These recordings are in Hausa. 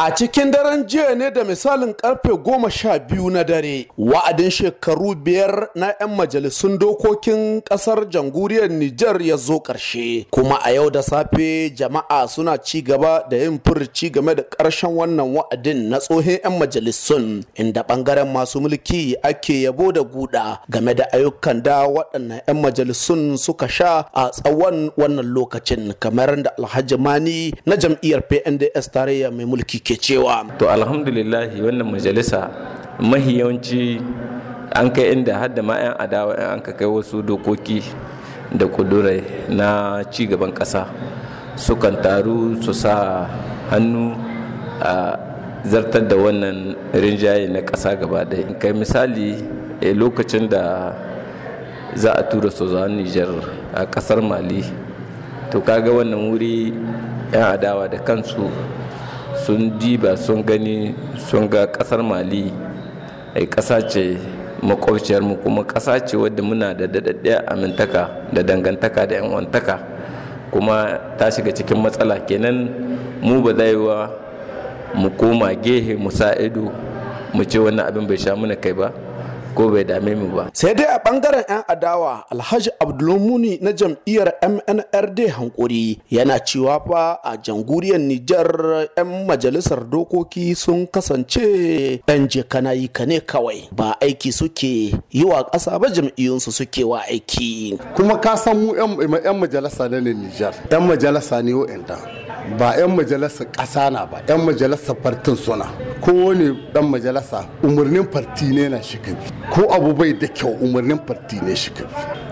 A cikin daren jiya ne da misalin karfe goma sha biyu na dare, wa'adin shekaru biyar na 'yan majalisun dokokin kasar jamhuriyar Nijar ya zo ƙarshe. Kuma a yau da safe jama'a suna ci gaba da yin furci game da ƙarshen wannan wa'adin na tsohon 'yan majalisun, inda ɓangaren masu mulki ake yabo da guda game da ayyukan da waɗannan 'yan majalisun suka sha a tsawon wannan lokacin, kamar da Alhaji Mani na jam'iyyar PNDS tarayya mai mulki ke cewa to alhamdulillah wannan majalisa mahi yawanci an kai inda har da ma'ayan 'yan adawa an ka kai wasu dokoki da kudurai na cigaban ƙasa sukan taru su sa hannu a zartar da wannan rinjaye na ƙasa gaba ɗaya in kai misali eh, lokacin da za a tura sojan nijar a ƙasar mali to kaga wannan wuri 'yan adawa da kansu sun diba sun gani sun ga kasar mali a kasa ce makwabciyarmu kuma kasa ce wadda muna da daɗaɗɗiya amintaka da dangantaka da yanwantaka kuma ta shiga cikin matsala kenan mu ba yi wa mu koma gehe mu sa ido mu ce wannan abin bai sha muna kai ba ko bai dame mu ba sai dai a bangaren yan adawa alhaji abdulmuni na jam'iyyar mnrd hankuri yana cewa fa a janguriyar nijar yan majalisar dokoki sun kasance dan jekanayi ka ne kawai ba aiki suke yi wa ƙasa ba jam'iyyunsu suke wa aiki kuma ka san mu yan majalisa ne nijar yan majalisa ne wa'inda ba yan majalisa ƙasa na ba yan majalisa fartin suna kowane dan majalasa umarnin farti ne na shi ko abu bai da kyau umarnin farti ne shi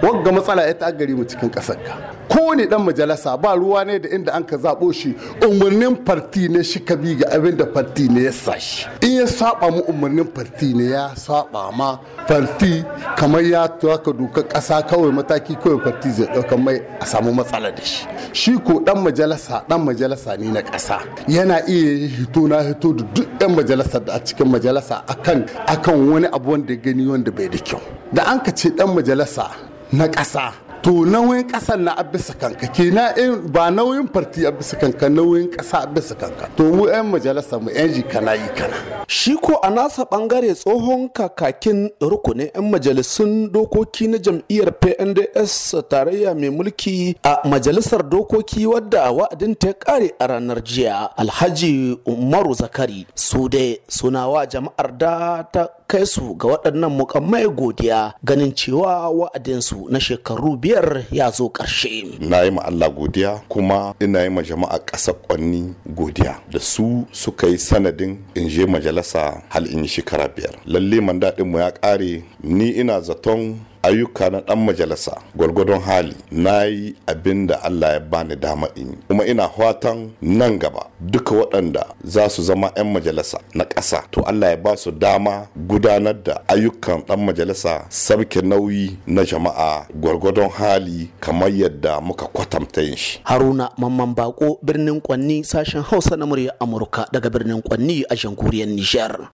wagga matsala ya ta gari mu cikin kasar ka kowane dan majalasa ba ruwa ne da inda an ka zabo shi umarnin farti ne shi bi ga abin da farti ne ya sa shi in ya saba mu umarnin farti ne ya saba ma farti kamar ya taka duka kasa kawai mataki kawai farti zai dauka mai a samu matsala da shi shi ko dan majalasa dan majalasa ne na kasa yana iya hito na hito da duk yan majalisar da a cikin majalisa akan akan wani abu wanda gani wanda bai da kyau da an ka ce dan majalisa na ƙasa to nauyin kasan na abisa kanka kina in ba nauyin farti abisa kanka nauyin kasa abisa kanka to mu yan majalisa mu yan kana yi kana shi ko a nasa bangare tsohon kakakin rukuni, yan majalisun dokoki na jam'iyyar PNDS tarayya mai mulki a majalisar dokoki wadda wa'adin ta kare a ranar jiya Alhaji Umaru Zakari su dai suna wa jama'ar da ta kai su ga waɗannan mukammai godiya ganin cewa wa'adinsu na shekaru biyar tafiyar ya zo ƙarshe. Na yi ma Allah godiya kuma ina yi ma jama'a ƙasa ƙwanni godiya da su suka yi sanadin in je majalasa hal in yi shekara biyar. Lalle man ya ƙare ni ina zaton ayyuka na dan majalisa gwargwadon hali na yi abin da Allah ya bani dama in kuma ina fatan nan gaba duka waɗanda za su zama 'yan majalisa na ƙasa to Allah ya ba su dama gudanar da ayyukan dan majalisa sabke nauyi na jama'a gwargwadon hali kamar yadda muka kwatanta yin shi Haruna Mamman Bako birnin Kwanni sashen Hausa na murya Amurka daga birnin Kwanni a jamhuriyar Nijar